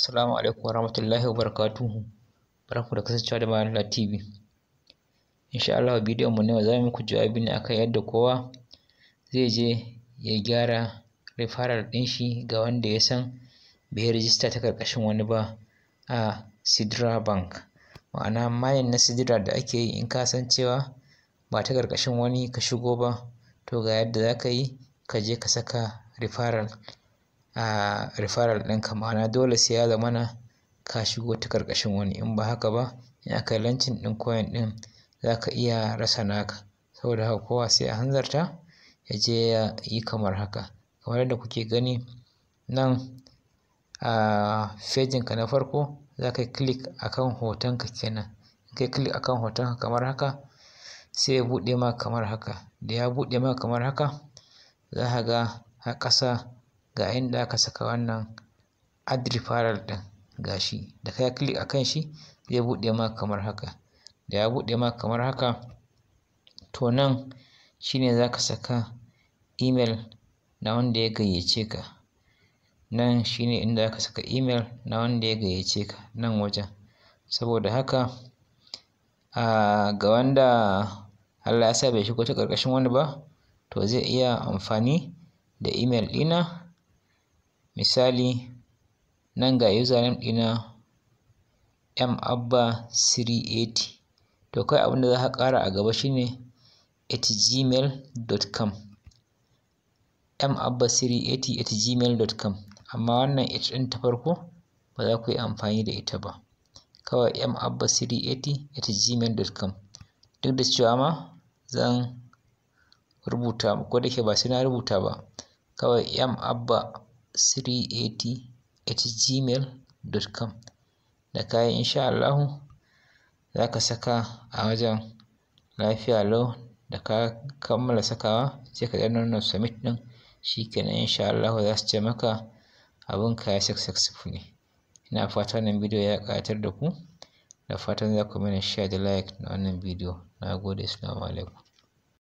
Assalamu alaikum warahmatullahi wabarakatuhu. Barkanku da kasancewa da Malala TV. Insha Allah bidiyon mu ne za mu muku jawabi ne akan yadda kowa zai je ya gyara referral din shi ga wanda ya san bai rijista ta karkashin wani ba a Sidra Bank. Ma'ana mayan na Sidra da ake yi in ka san cewa ba ta karkashin wani ka shigo ba to ga yadda za ka yi ka je ka saka referral a referral ɗinka ma'ana dole sai ya zamana ka shigo ta ƙarƙashin wani in ba haka ba in aka yi lancin ɗin koyan ɗin za ka iya rasa naka saboda haka kowa sai a hanzarta ya je ya yi kamar haka kamar yadda kuke gani nan a fejin ka na farko za ka yi click akan ka kenan in ka yi click akan ka kamar haka sai ya buɗe ma kamar haka da ya buɗe maka kamar haka za ka ga a ƙasa ga inda aka saka wannan add referral ɗin gashi da kai click akan shi zai buɗe maka kamar haka da ya buɗe maka kamar haka to nan shine zaka saka email na wanda ya gayyace ka nan shine inda aka saka email na wanda ya gayyace ka nan wajen saboda haka a ga wanda Allah ya sa bai shigo ta karkashin wani ba to zai iya amfani da email dina? misali nan ga username ɗina mabba 380 to kai da za ka ƙara a gaba shine ne gmail.com m 380gmailcom amma wannan h ɗin ta farko ba za ku yi amfani da ita ba kawai mabba 380gmailcom duk da cewa ma zan rubuta ko da ke ba sai na rubuta ba kawai mabba abba 3 at gmail.com da kayan insha Allahu za ka saka a wajen lafiya lau da ka kammala sakawa sai ka ɗan nuna submit ɗin shi kenan insha Allahu za su ce maka abin ka ya successfully ina fata wannan bidiyo ya ƙayatar da ku da fatan za ku mana share da like na wannan bidiyo na gode assalamu alaikum